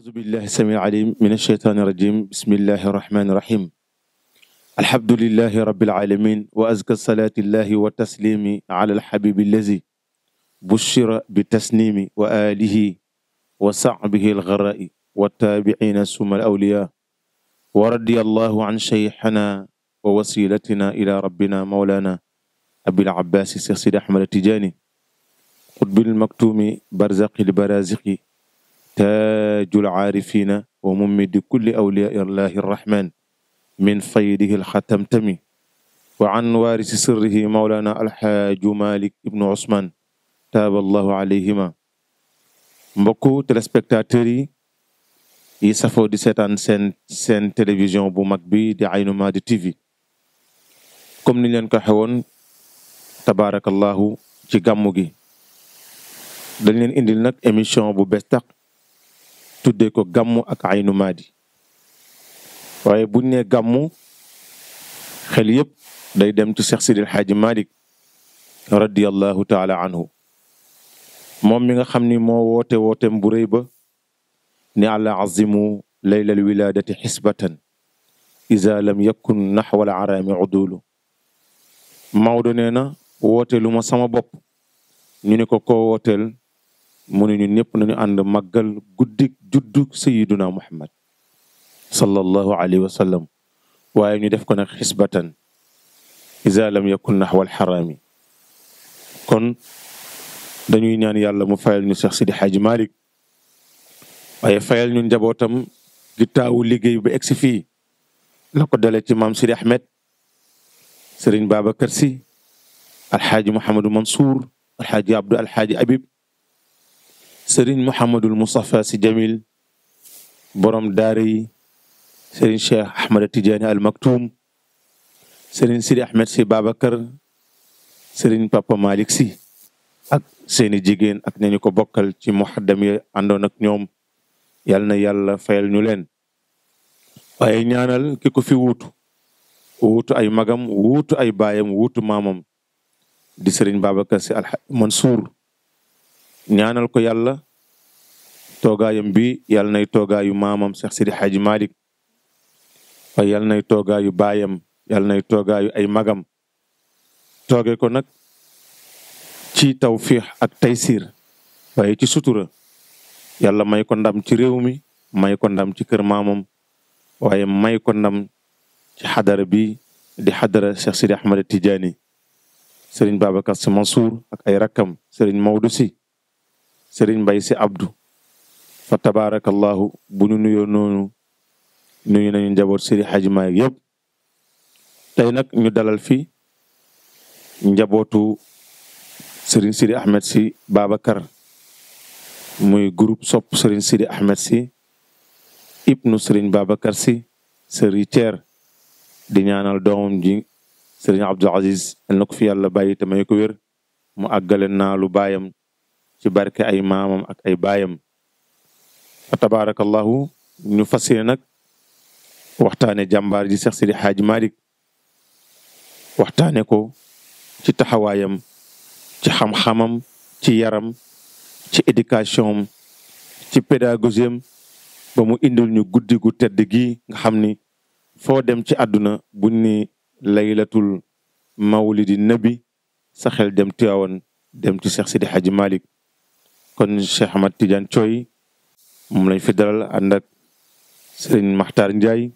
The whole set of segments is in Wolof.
أعوذ بالله السميع العليم من الشيطان الرجيم بسم الله الرحمن الرحيم الحمد لله رب العالمين وأزكى الصلاة الله والتسليم على الحبيب الذي بشر بالتسنيم وآله وصحبه الغراء والتابعين ثم الأولياء ورضي الله عن شيخنا ووسيلتنا إلى ربنا مولانا أبي العباس سيد أحمد التجاني قد بالمكتوم برزق البرازق تاج العارفين وممد كل أولياء الله الرحمن من فيده الختمتم وعن وارث سره مولانا الحاج مالك ibnu Ousmane taaballahu alayhima mbokku téléspectateurs yi yi safoo di seetaan seen seen télévision bu mag bi di Aynu Maadi TV comme ni leen ko xewoon tabaarakallahu ci gàmmu gi dañ leen indil nag émission bu bees tàq tuddé ko gamu ak aynu madi waye bu ne gamu xel yeb day dem ci cheikh Sidil hadji Malik radiyallahu taala anhu mom mi nga xamni mo wote woote wootem bu rëy ba ni ala azimu layla alwiladati hisbatan iza lam yakun nahwa al'aram udulu Maodo neena wote luma sama bop ñu ne ko ko wotel mu ne ñun ñëpp nañu ànd màggal guddik juddug sayiduna muhammad sallallahu alayhi wa sallam waaye ñu def ko nag xisbatan isa lam yakun naxwa alxaraami kon dañuy ñaan yàlla mu fayal ñu Seex Sidi Xaaji Malik waaye fayal ñu njabootam gi taawu liggéey ba egsi fii la ko dale ci maam Sidi Ahmed Sëriñ Babacar Si alxaaji Mouhamadou Mansour alxaaji Abdou alxaaji Habib sëriñ Mouhamadul Moustapha si Jamil borom daara yi sëriñ Cheikh Ahmed Tidiane Al Maktoum sëriñ Sidi Ahmed si Babacar sëriñ Papa Malick si ak seeni jigéen ak nañu ko bokkal ci muhaddam yi àndoon ak ñoom yal na yàlla fayal ñu leen waaye ñaanal ki ko fi wuutu wuutu ay magam wuutu ay baayam wuutu maamam di sëriñ Babacar si Al Mansour ñaanal ko yàlla toogaayam bi yàlla nay toogaayu maamam Cheikh Sidi Hadji malik waaye yàlla nay toogaayu baayam yàlla nay toogaayu ay magam tooge ko nag ci tawfiix ak taysiir waaye ci sutura yàlla may ko ndam ci réew mi may ko ndam ci kër maamam waaye may ko ndam ci xadara bi di xadara Cheikh Sidi Ahmad Tidiane sëriñ Babacar Sy Mansour ak ay rakkam sëriñ Maodo si sëriñ mbay si abdu fa tabaarakallahu bu ñu nuyoo noonu nuyu nañu njaboot Seydi Hadji Malick yëpp tey nag ñu dalal fi njabootu Serigne Sidi Ahmed si Babacar muy groupe sopp Serigne Sidi Ahmed si ibnu Serigne babakar si Serigne di ñaanal doomam ji Serigne Abdou Aziz na ko fi yàlla bàyyi te may ko wér mu àggale naa baayam ci barke ay maamam ak ay baayam tabaarakallahu ñu fas yéene nag waxtaane jàmbaar ji Seex Sidi Xaaj Malik waxtaane ko ci taxawaayam ci xam-xamam ci yaram ci éducation am ci pédagogie am ba mu indil ñu guddi gu tedd gi nga xam ni foo dem ci àdduna buñ ni laylatul mawlidi nabi sa xel dem Tiwaawan dem ci Seex Sidi Xaaj Malik kon Cheikh Ahmad Tidiane Thioye mom lañ fi dalal ànd ak Ibrahim Maxtaar Njaay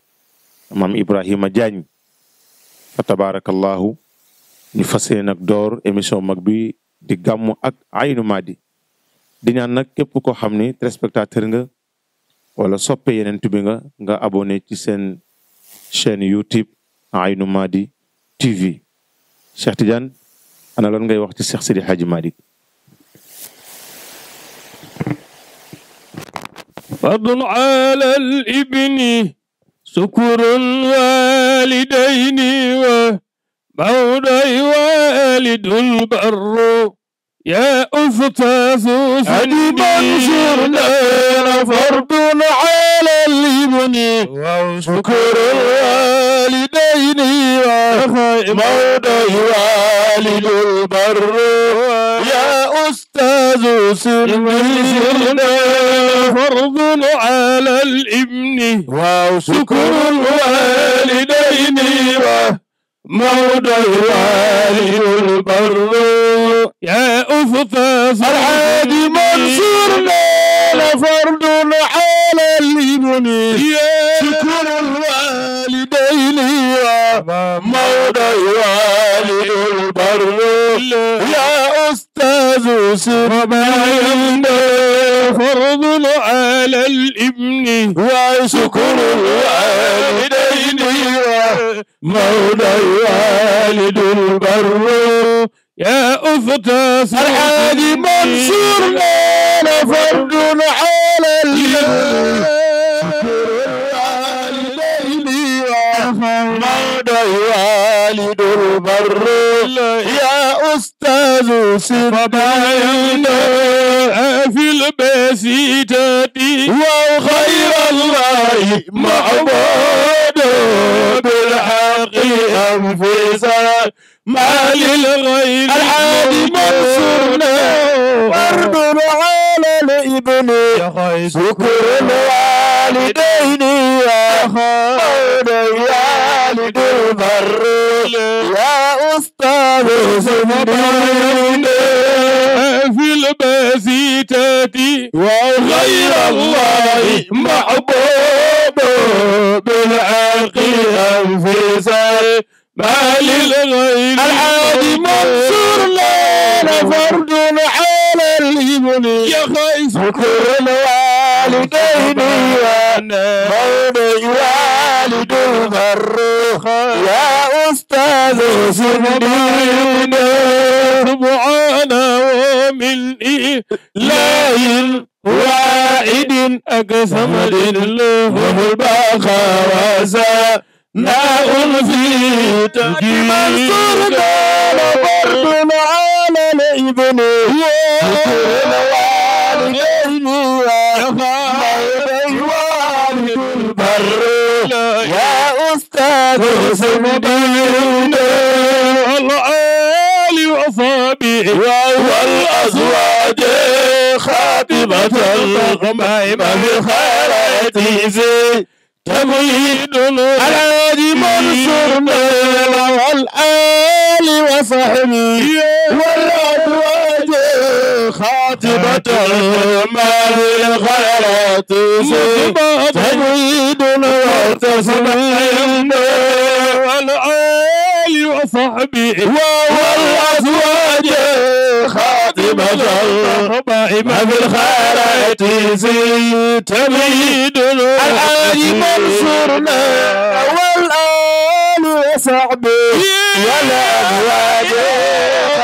maam Ibrahima Diagne fa tabarakallah ñu fas nak door émission mag bi di gamu ak Aynu madi di ñaan nak képp ko xamni ni nga wala soppé yenen tubi nga nga abonné ci sen chaîne YouTube Aynu madi TV Cheikh Tidiane ana lan ngay wax ci Cheikh Sidi Hadji madi فضل على الابن سكر والدين ومولى والد البر يا أفتاث أديب سردين فرض على الابن وشكر الوالدين ومولى والد البر يا أستاذ ذو سر فرض على الابن وشكر الوالدين مولى الوالد البر يا أفتى فرحاد منصور فرض على الابن شكر الوالدين مولى الوالد البر يا الأستاذ سر ينبغي فرض على الابن وشكر الوالدين مولاي الوالد البر يا أفتى الحادي منصور لنا فرض على الابن البر يا أستاذ ذو سرباينا في البسيطة وخير الله معبود بالحق أنفسا ما للغير الحادي منصورنا فرد على الابن يا خيس شكر الوالدين يا خيس يا أستاذ سندين في البسيتة وغير الله محبوب بالعقل أنفسه ما للغير العادي منصور لنا فرد على الإبن يا خيس شكر الوالدين والد والد الروح يا أستاذ سنينا معانا ومن إله وعيد أقسم لله البقى وزاد ناء في تجيب منصور قال برد على ابنه وسلم الآل وأصحابه وأول أزواج خاتمة الغمائم بخيرات زي تمهيد الهادي منصور والآل وصحبه والرسول الخاتمة ما للخيرات تبيد وتسمين والآل وصحبي والأزواج خاتمة ما في الخيرات تبيد الحاج منصورنا والآل وصحبي والأزواج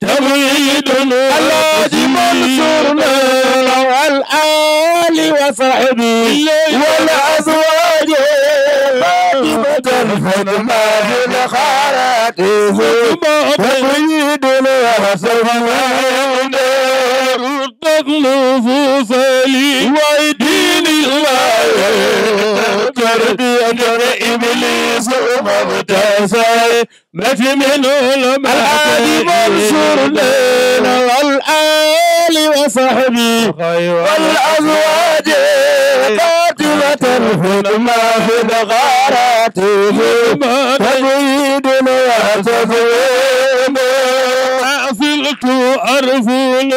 تغيد الهادي منصورنا والآل وصحبه والأزواج فاطمة فاطمة بالخالق تغيد الهادي تغلف صلي ويدين الله بدر إبليس ومبتسم ما في منه الهادي منصور لنا والآلي وصحبي أيوة. والأزواج قاتلة الحلم في بغارته تبيدنا يا تفويم أعفلت أرفل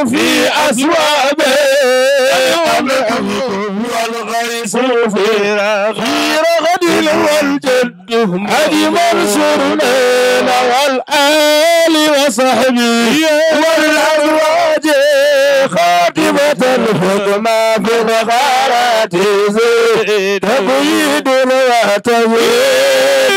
وفي أسوابه والغيث في رغم والجد هدي منصور ليلى والآل وصحبي والأزواج خاتمة الحكمة بالغارة زيد تبيد وتزيد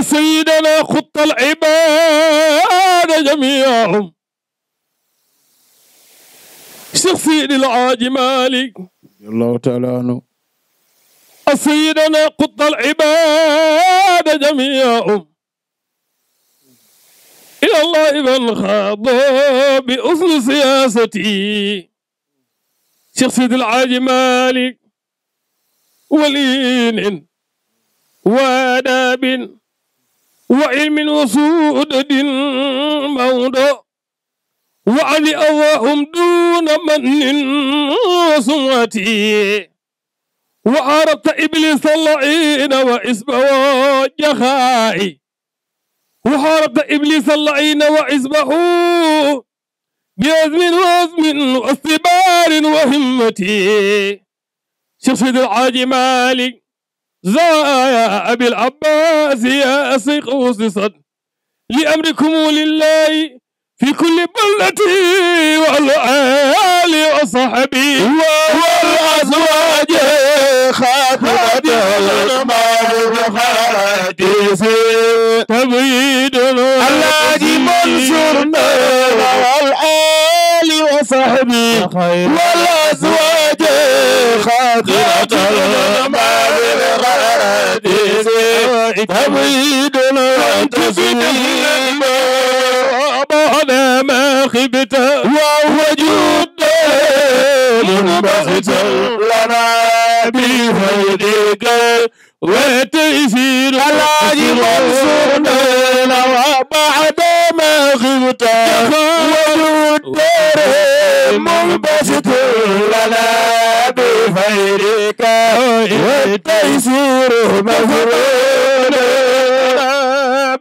سيدنا خط العباد جميعهم شخصي العاج مالك الله تعالى عنه سيدنا قط العباد جميعهم إلى الله من خاض بأصل سياستي سيد العاج مالك ولين واداب وعلم دين موضع وعلي أواهم دون من وصواتي وعرفت إبليس اللعين وإسبه جخائي وحاربت إبليس اللعين وإسبه بأزم وأزم واستبار وهمتي شخص العاج مالك زايا أبي العباس يا وصصد لأمركم لله في كل بلتي والعالي وصحبي والأزواج خاتمة المعروف حديثي تبيد الذي منصرنا والعالي وصحبي والأزواج خاطرة ما بالغراديس تبيد الوقت في بعد ما خبت وهو جود منبخت لنا بفيدك وتيسير العاجب الصنع وبعد غبتا وجود دار منبسط لنا بخيرك والتيسير مفروض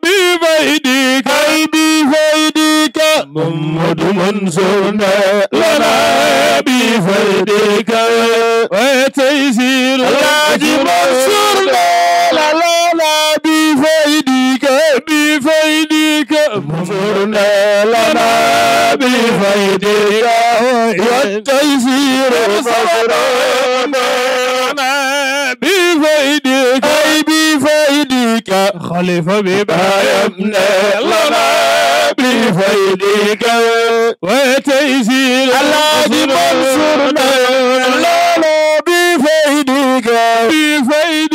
بفيدك أي بفيدك محمد منصورنا لنا بفيدك والتيسير الحاج منصورنا لنا بفيدك بفيدك منصورنا لنا بفيدك والتيسير لنا بفيدك أي بفيدك خلف بما يمنى لنا بفيدك وتيسير الله منصورنا لنا بفيدك بفيدك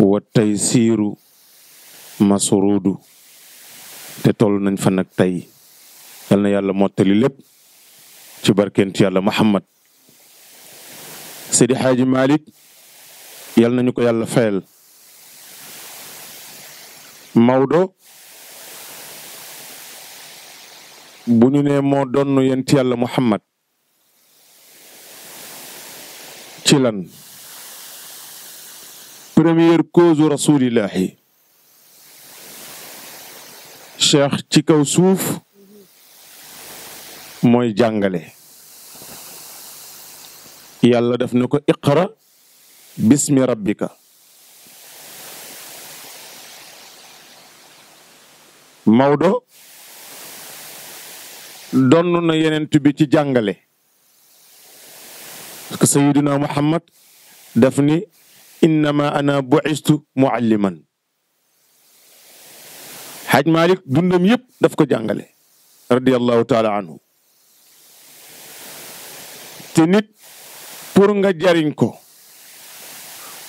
wa tey siiru masuruudu te toll nañ fa nag tey yal na yàlla mottali lépp ci barkent yàlla Muhammad Seydi Xaaji Malik yal nañu ko yàlla fayal Maodo bu ñu nee moo donn yent yàlla Muhammad ci lan première cause rasulillahi cheikh ci kaw suuf mooy jàngale yàlla def na ko iqra bismi rabbika Maodo donn na yenent bi ci jàngale parce que Muhammad daf ni انما انا بعثت معلما حاج مالك دوندم ييب دافكو جانغالي رضي الله تعالى عنه تنيت بور nga جارين كو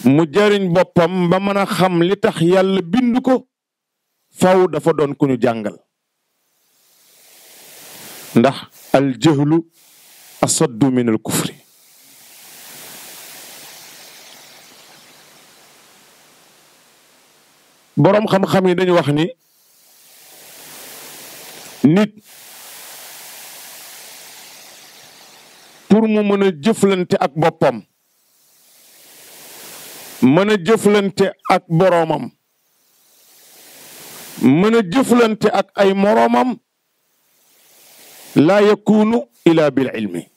مو جارين بوبام با مانا خام لي تخ يالا بيندوكو فاو دافا دون كونو جانغال ndax al jahlu asaddu min boroom xam-xam yi dañu wax ni nit pour mu mën a jëflante ak boppam mën a jëflante ak boroomam mën a jëflante ak ay moroomam laa yakunu ila bil ilmi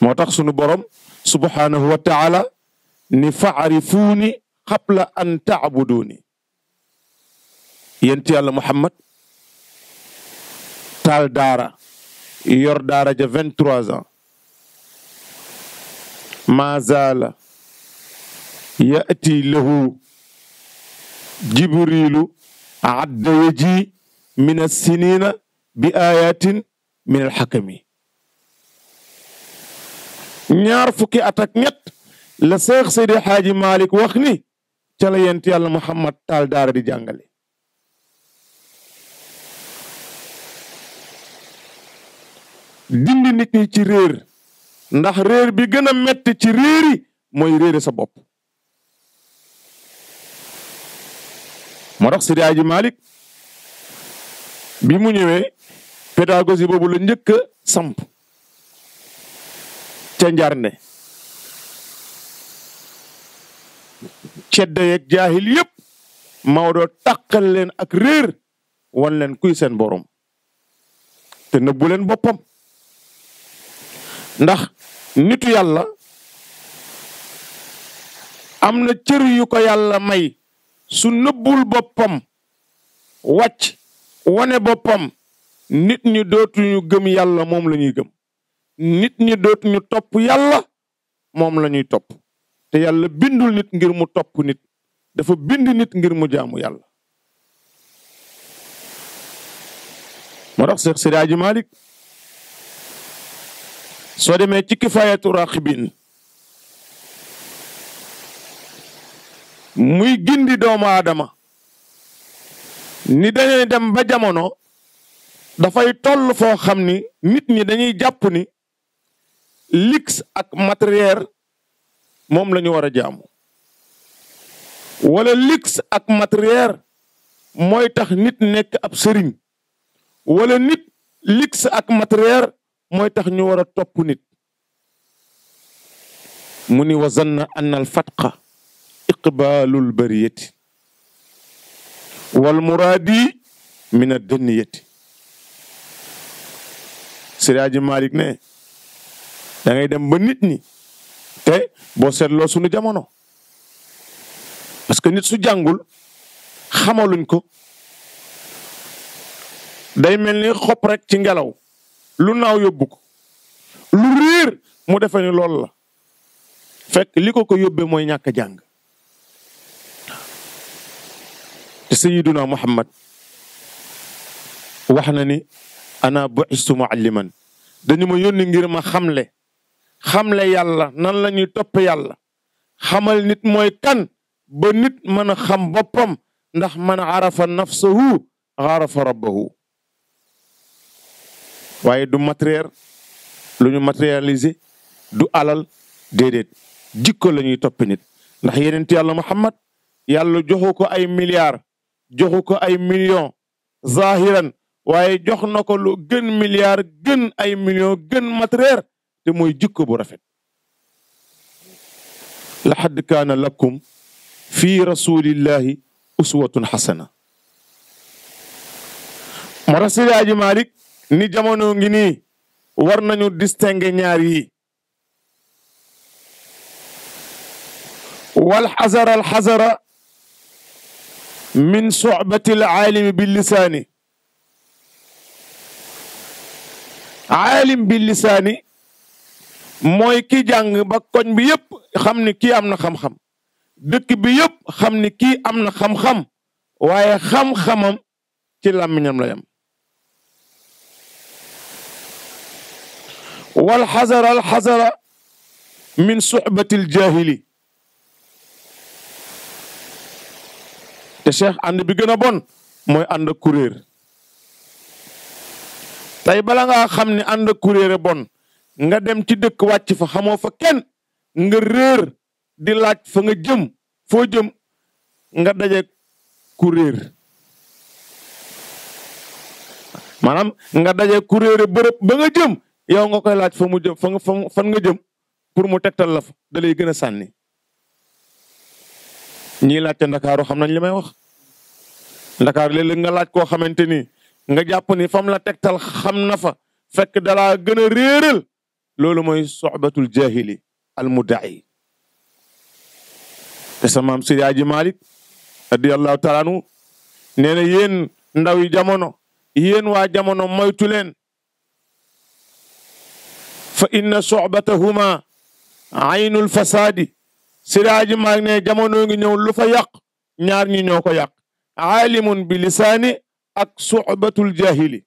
moo tax sunu borom subhanahu wa taala نفعرفوني قبل أن تعبدوني ينتي الله محمد تال دارا يور دارا جا 23 ما زال يأتي له جبريل عد يجي من السنين بآيات من الحكم نعرف كي أتاك la seex seydi xaaji malik wax ni ca la yent yàlla muhammad taal daara di jàngale dindi nit ñi ci réer ndax réer bi gën a metti ci réeri mooy réere sa bopp moo tax seydi xaaji malik bi mu ñëwee pédagogie boobu la njëkk a samp ca njarne cedda yeeg jaahil yëpp Maodo takkal leen ak réer wan leen kuy seen borom te nëbbu boppam ndax nitu yàlla am na cër yu ko yàlla may su nëbbul boppam wàcc wane boppam nit ñi dootuñu gëm yàlla moom la ñuy gëm nit ñi dootuñu topp yàlla moom la ñuy topp te yàlla bindul nit ngir mu topp nit dafa bind nit ngir mu jaamu yàlla moo tax Seex Sidaaji Malik soo demee ci kifaayatu raaxibin muy gindi doomu aadama ni dañuy dem ba jamono dafay toll foo xam ni nit ñi dañuy jàpp ni lix ak matériel mom lañu wara jaamu wala luxe ak matériel moy tax nit nek ab serigne wala nit luxe ak matériel moy tax ñu wara top nit muni wazanna an al fatqa iqbaalul bariyati wal muraadi min ad danniyati siraaji malik ne da ngay dem ba nit ñi te boo loo sunu jamono parce que nit su jàngul xamaluñ ko day mel ni xob rek ci ngelaw lu naaw yóbbu ko lu riir mu defe lool loolu la fekk li ko ko yóbbee mooy ñàkk a jàng te sayiduna muhammad wax na ni ana bu'istu mu'alliman dañu ma yónni ngir ma xamle xamle yàlla nan lañuy topp yàlla xamal nit mooy kan ba nit mën a xam boppam ndax man arafa nafsahu arafa rabbahu waaye du matériel lu ñu matérialiser du alal déedéet jikko la ñuy topp nit ndax yenent yàlla muhammad yàlla joxu ko ay milliards joxu ko ay millions zahiran waaye jox na ko lu gën milliards gën ay millions gën matériel te mooy jikko bu rafet laxad kaana lakum fi rasulillahi uswatun xasana ma rasilaaji malik ni jamono ngi nii war nañu distinguer ñaar yi wal xasara al xasara min sucbati al aalimi bi lisaani aalim bi lisaani mooy ki jàng ba koñ bi yëpp xam ni kii am na xam-xam dëkk bi yëpp xam ni kii am na xam-xam waaye xam-xamam ci làmmiñam la yam wal xasara al xasara min suxbatil jaahili te cheikh ànd bi gën a bon mooy ànd ak kuréer tey bala ngaa xam ni ànd ak kuréer bon nga dem ci dëkk wàcc fa xamoo fa kenn nga réer di laaj fa nga jëm foo jëm nga daje ku réer maanaam nga daje ku réere ba nga jëm yow nga koy laaj fa mu jëm fa nga fan nga jëm pour mu tegtal la fa dalay lay gën a sànni ñii laajte ndakaaru xam nañ li may wax ndakaar léeg-léeg nga laaj koo xamante ni nga jàpp ni fam la tegtal xam na fa fekk dalaa gën a loolu mooy soxbatul jahili al mudda'i te sa maam Seydi Aji Malik radiyallahu taala anhu nee na yéen ndaw yi jamono yéen waa jamono moytu leen fa inna soxbatahuma aynul fasaadi Seydi Aji Malik ne jamono ngi ñëw lu fa yàq ñaar ñi ñoo ko yàq aalimun bi lisaani ak soxbatul jahili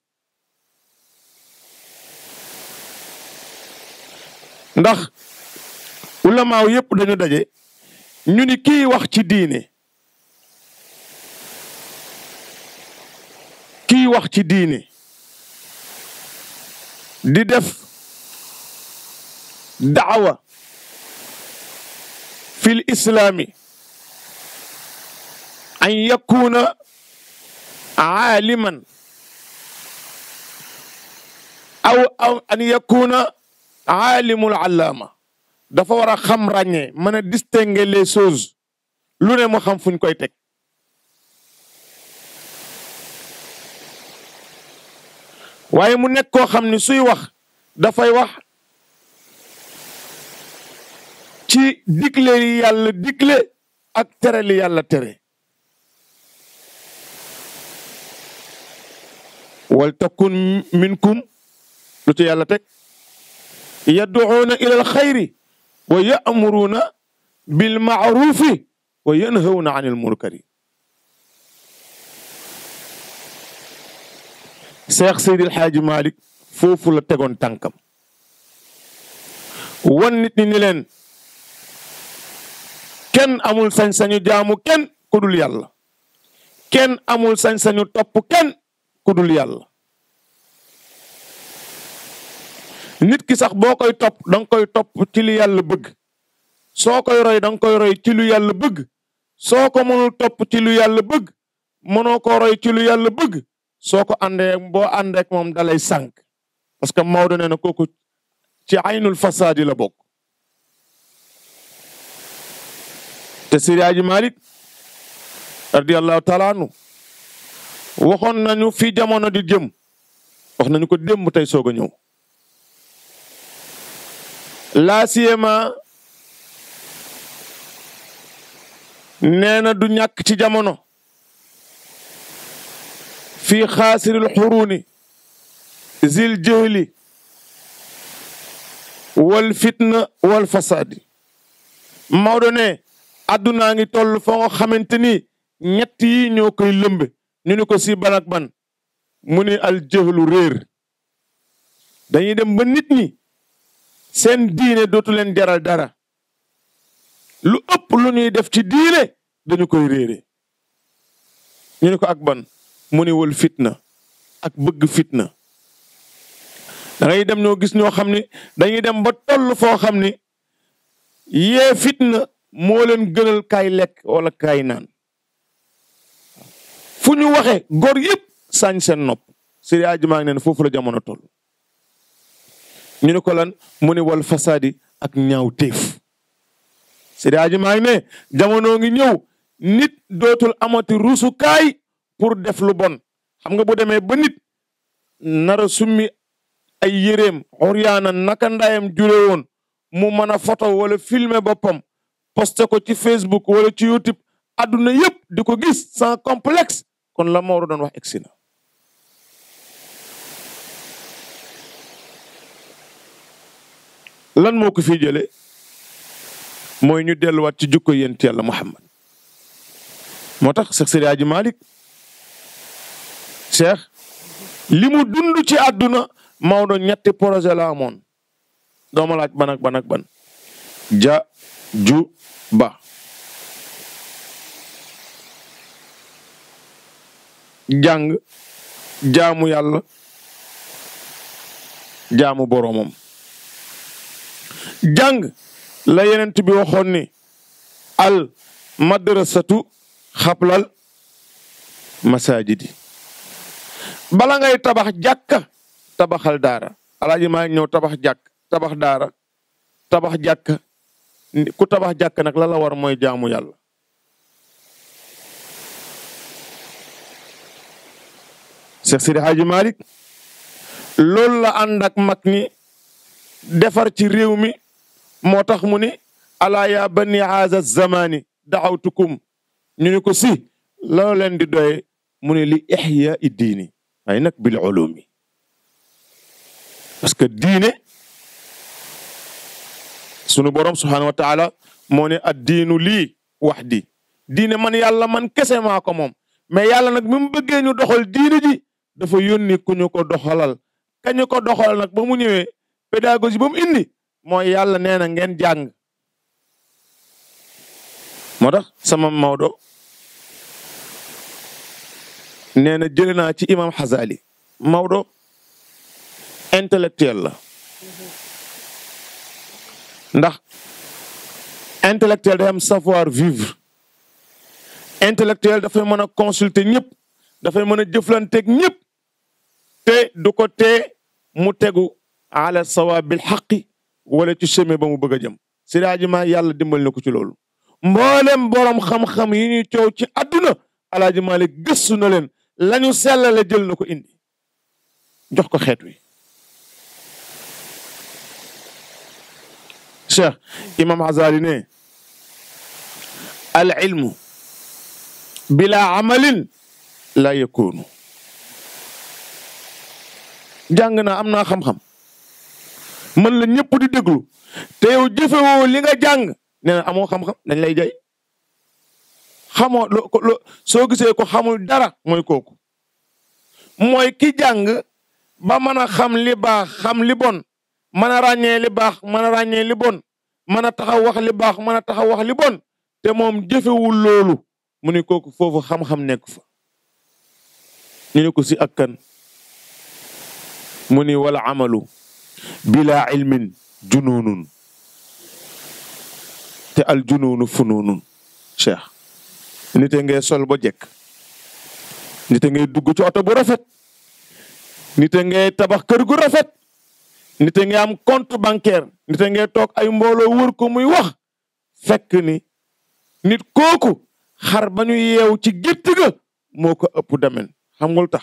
ndax ulamaaw yëpp dañu daje ñu ni kii wax ci diine kii wax ci diine di def daawa fil islaami an yakuna aaliman aw an yakuna aalimul allaama dafa war a xam ràññee mën a le les choses lu ne mu xam fuñ koy teg waaye mu nekk koo xam ni suy wax dafay wax ci digle yi yàlla digle ak tere li yàlla tere wal takun minkum lu ci yàlla teg يدعون إلى الخير ويأمرون بالمعروف وينهون عن المنكر شيخ سيد الحاج مالك فوفو لا تيغون تانكام وان نيت ني نيلن كين امول سان سانيو جامو كين كودول يالا كين امول سان سانيو توپ كين كودول يالا nit ki sax boo koy topp da koy topp ci li yàlla bëgg soo koy roy da koy roy ci lu yàlla bëgg soo ko mënul topp ci lu yàlla bëgg mënoo ko roy ci lu yàlla bëgg soo ko àndee boo àndeek moom dalay sànq parce que Maodo nee na kooku ci aynul fasaadi la bokk te Siraaji Malik radiyallahu taala anhu waxoon nañu fi jamono di jëm wax nañu ko démb tey soog a ñëw laa siyema nee na du ñàkk ci jamono fi xaasiril xuruuni zil jëhli wal fitna wal fasaadi Maodo ne addunaa ngi toll foo nga xamante ni ñett yi ñoo koy lëmb ñu ni ko si ban ban mu ni al jëhlu réer dañuy dem nit ñi seen diine dootu leen jaral dara lu ëpp lu ñuy def ci diine dañu koy réere ñu ne ko ak ban mu ni wal fitna ak bëgg fitna da ngay dem ñoo gis ñoo xam ni dañuy dem ba toll foo xam ni yee fitna moo leen gënal kaay lekk wala kaay naan fu ñu waxe góor yëpp sañ seen nopp sëriñ Aji maa ngi neen foofu la jamono toll ñu ni ko lan mu ni wal fasaadi ak ñaaw téef Seydi Aji Maalik ne jamono ngi ñëw nit dootul amati rusukaay pour def lu bon xam nga bo demee ba nit nara summi ay yéreem xoryaana naka ndayam woon mu mën a photo wala filmer boppam poste ko ci Facebook wala ci YouTube àdduna yëpp di ko gis sans complexe kon la Maodo doon wax egsi na lan moo ko fi jële mooy ñu delluwaat ci jukko yent yàlla Muhammad moo tax Cheikh Seydi Hadji Malick Cheikh dund ci àdduna Maodo ñetti projet la amoon dooma laaj ban ak ban ja ju ba jàng jaamu yàlla jaamu boroomam Jang la yenen tibi waxone al madrasatu xablal masajidi bala ngay tabax jakka tabaxal dara. alaaji ma ñew tabax jak tabax dara tabax jak ku tabax jak nak la la war moy jaamu yalla Cheikh Sidi Hadji malik loolu la andak ak defar ci rewmi موتاخ موني الا يا بني عاز الزمان دعوتكم نينيكو سي لولن دي دوي موني لي احيا الدين اي نك بالعلوم باسكو الدين سونو بوروم سبحانه وتعالى موني الدين لي وحدي دين من يالا من كسي ماكو موم مي يالا نك ميم بيغي ني دوخال دين دي دا فا يوني كو نيوكو دوخالال كانيوكو دوخال نك بامو نيوي pédagogie bam indi moy yàlla neena ngeen jàng motax sama mawdo neena jeulena ci imam hazali mawdo intellectuel la ndax intellectuel da am savoir vivre intellectuel da fay meuna consulter ñep da fay meuna jëflante ak ñep te du ko té mu téggu ala sawaab bil xaqi wala ci semé ba mu bëgg jëm Seydi Hadji yàlla dimbal na ko ci loolu mbolem borom xam-xam yi ñu ciow ci àdduna Alaaji Malick gessu na len lañu sellale jël nako indi jox ko xet wi cheikh imam Azali ne al ilmu bila amal la yakunu jàng naa am xam-xam man la ñëpp di déglu te yow jëfewoo li nga jàng amoo xam-xam dañ lay jay xamoo lo lo gisee ko xamul dara mooy kooku mooy ki jàng ba mën a xam li xam li bon mën a ràññee li baax mën a ràññee li bon mën a taxaw wax li baax mën a taxaw wax li bon te moom jëfewul loolu mu ne kooku foofu xam-xam nekk fa ñu ko si ak kan mu ni wala amalu bila ilmin junuunun te al junuunu funuunun cheikh nite ngay sol ba jekk nite ngay dugg ci oto bu rafet nite ngay tabax kër gu rafet nite ngay am compte bancaire nite ngay toog ay mbooloo wër ko muy wax fekk ni nit kooku xar ba ñu yeew ci gétt ga moo ko ëpp demen xam nga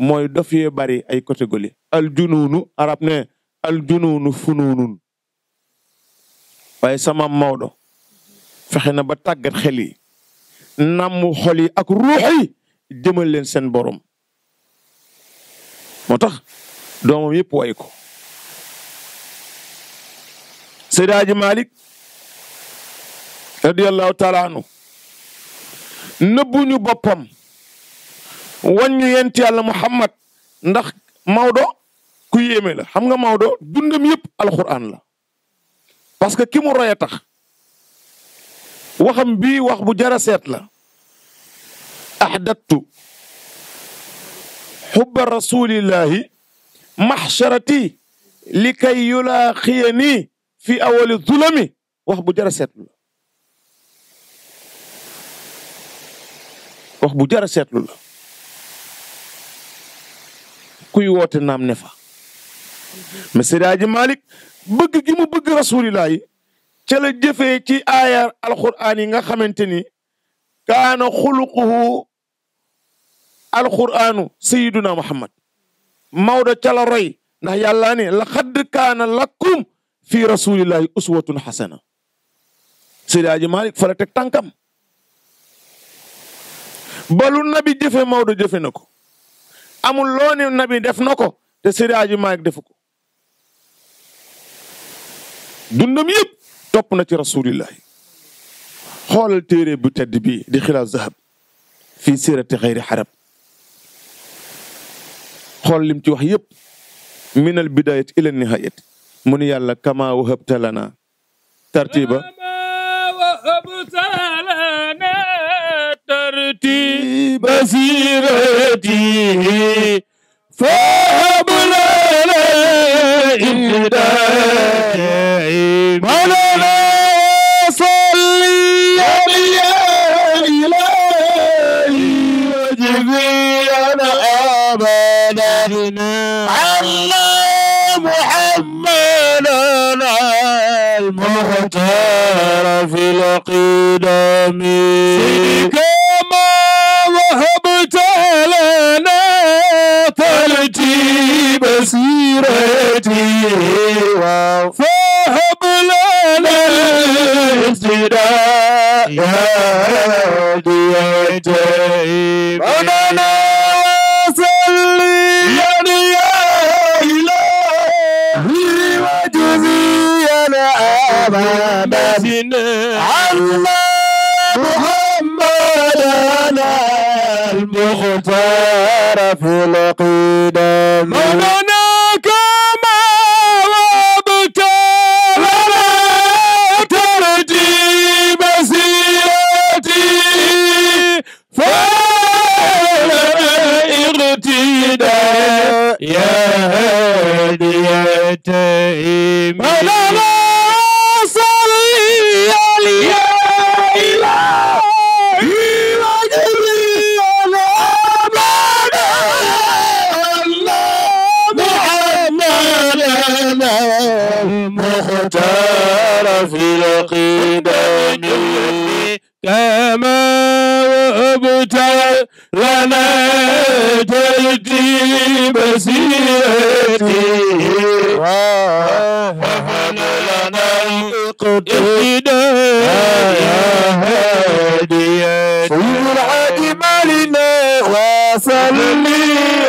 mooy dof bari ay catégorie al junuunu arab ne al junuunu funuunun waaye sama Maodo fexe na ba tàggat xeli yi namm xol ak ruux yi jëmal leen seen borom moo tax doomam yëpp way ko Seydi Hadji Malick radiyallahu taala boppam wagnu yent yàlla muhammad ndax mawdo ku yeme la xam nga mawdo dundam yep alquran la parce que ki mu roy tax waxam bi wax bu jara set la ahdattu xubba rasulillahi maxsharati li kay yulaaqiyani fi awali zulami wax bu jara seetlu la wax bu jara seetlu la كوي ووت نام نفا مسيراج مالك بغ جيمو بغ رسول الله تي لا جيفه تي ايار القران ييغا خامتيني كان خلقه القران سيدنا محمد مودا تي لا روي نا يالا ني لقد كان لكم في رسول الله اسوه حسنه سيراج مالك فلا تك بلو النبي جيفه مودا جيفه نكو amul loo nabi def na ko te Seydi Hadji Malick defu ko dundam yëpp topp na ci rasulillahi xoolal téere bu tedd bi di xilaa zahab fi sirati xayri xarab xool lim ci wax yëpp min al bidayat ila nihayat mu ni yàlla kama wahabta lana tartiba بصيرته فهب لنا إمدادك مولانا صل يا إلهي وجزينا أبدنا على محمدنا المختار في القدم بصيرتي فهب لنا اهتداء هديتي مولانا وصلي يا إلهي وجزي الأبد عنا النار في القدم مولانا كما وابتغى لنا تجدي مسيرتي وهب لنا القدر يا هادي سيد العادي مالنا وصلي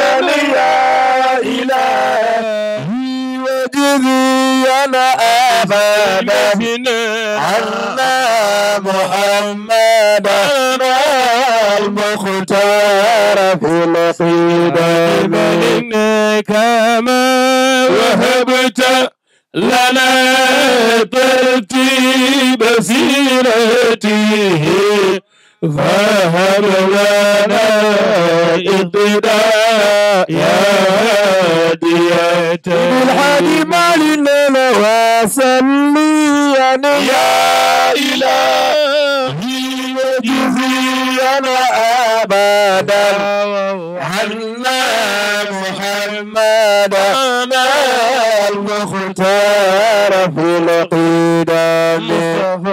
عليه حبابنا عنا محمد المختار في الخدام منك ما وهبت لنا ترتيب سيرته فهب لنا اهدنا يا هادية بالحادي مالنا وسليا يا إلهي وجزينا أبدا عنا محمدا المختار في القدم مصطفى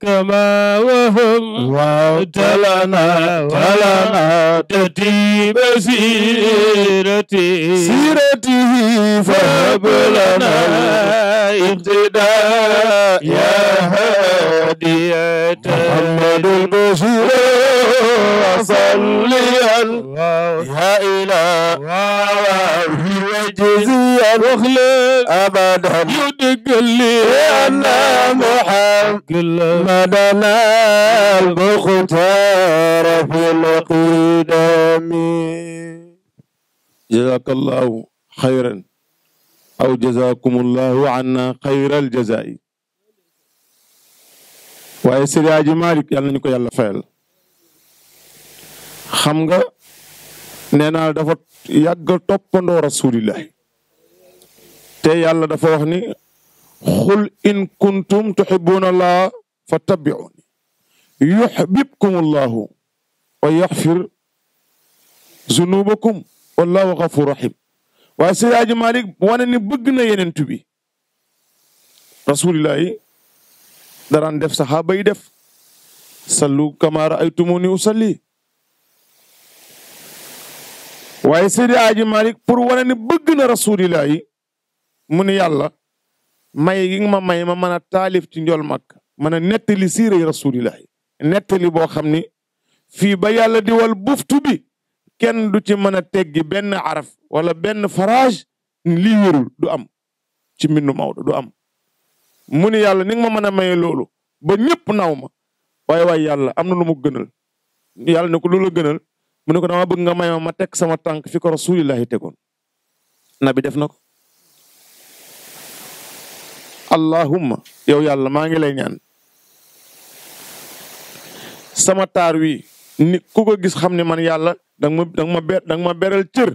كما وهم وابتلنا تلنا تتي مسيرتي سيرته فابلنا اقتداء يا هادية محمد البر رسولا صليا يا إله وجزيا مخلد أبدا يدق لي أن محمدنا المختار في القدم جزاك الله خيرا أو جزاكم الله عنا خير الجزاء waaye Seydi Hadji Malick yàlla nañu ko yàlla fayal xam nga nee naa dafa yàgg toppandoo rasulillah te yàlla dafa wax ni xul in kuntum tuhibbuna allah fa tabiuni yuhbibkum allahu wa yaxfir zunubakum wallahu xafur rahim waaye Seydi Hadji Malick wane ni bëgg na yenentu bi rasulillah yi daraan def saxaaba yi def sallu kama ni usalli waaye Seydi Aji Malik pour wane ni bëgg na rasulillah yi mu yàlla may gi ma may ma mën a taalif ci njol mag mën a nettali siiray rasulillah yi nettali boo xam ni fii ba yàlla di wal buftu bi kenn du ci mën a teggi benn araf wala benn farage lii wérul du am ci mbindu Maodo du am muni yalla ning ma meuna maye ba ñepp nawma ma way yalla amna lu mu gënal yalla ne ko lolu la gënal mu ne ko dama bëgg nga may ma tek sama tank fi ko rasulillahi tegon nabi def nako allahumma yow yalla ma ngi lay ñaan sama tarwi, wi ni ku ko gis xamni man yalla dang ma dang ma ber dang ma beral cër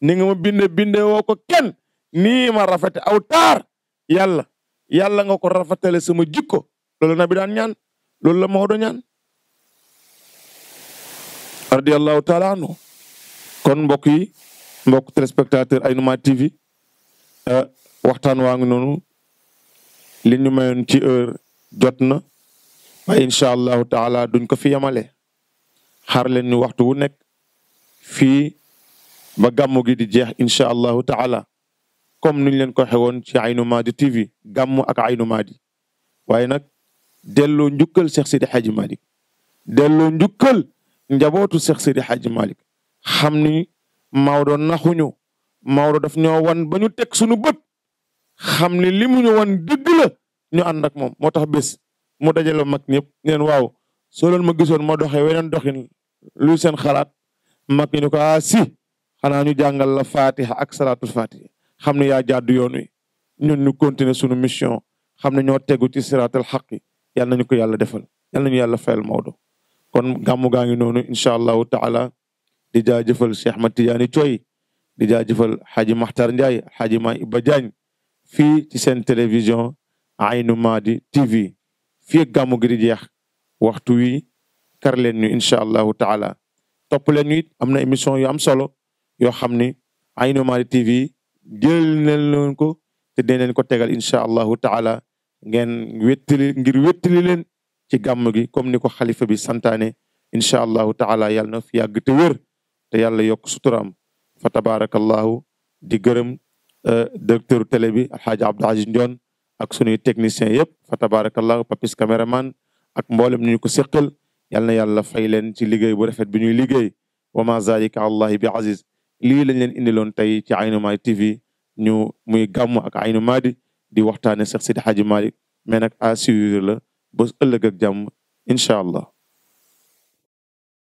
ni nga ma binde binde woko ken ni ma rafet aw tar yalla yalla nga ko rafatale sama jikko loolu nabi dan ñaan loolu la do ñaan radiyallahu taala no kon mbok yi telespectateur ay numa TV euh waxtan ngi nonu li ñu mayon ci heure jotna na inshallah allahu taala duñ ko fi yamale xar leen ni waxtu wu nek fi ba gamu gi di jeex inshallah taala comme nuñ leen ko xewoon ci Aynu Maadi TV gam ak Aynu Maadi waye nak delo ñukkel Cheikh Sidi Hadji malik delo ñukkel njabootu Cheikh Sidi Hadji malik xamni mawdo naxuñu mawdo daf ñoo wan bañu tek suñu bëpp xamni limu ñu wan dëgg la ñu and ak mom motax bes mu dajelo mak ñep neen waaw so leen ma gisoon ma doxé doxin lu seen xalaat mak ñu ko ah si ñu jangal la fatiha ak salatul fatiha xamne ya yaa jàddu yoon wi ñun ñu continuer suñu mission xamne ñoo teggu ci siratul xaqi yalla nañu ko yàlla defal yalla nañu yàlla fayal mawdu kon gamu gaangi nonu inshallah taala di jaajeufal Cheikh Ahmad Tidiane Thioye di jaajeufal haji mahtar ndjay haji Ma Iba Diagne fii ci sen télévision Aynu madi TV fi gamu gi di jeex waxtu wi kar len ñu inshallah taala top len ñu amna émission yu am solo yo xamni Aynu madi TV jël leen ko te dinañ leen ko tegal incha allahu taala ngeen wéttali ngir wéttali leen ci gàmm gi comme ni ko xalifa bi santaane incha allahu taala yàlla na fi yàgg te wér te yàlla yokk suturaam fa tabarakallahu di gërëm euh, directeur télé bi alxaaji Abdou Aziz Ndion ak sunuy technicien yëpp fa tabarakallahu papis man ak mboolem ñu ko séqal yàlla na yàlla fay leen ci liggéey bu rafet bi ñuy liggéey wa ma zalika allahi bi aziz lii lañ leen indiloon tey ci Aynu Maadi TV ñu muy gàmm ak Aynu Maadi di waxtaane Seex Sidi Xaaji Maalik mais nag à suivre la ba ëllëg ak jàmm incha allah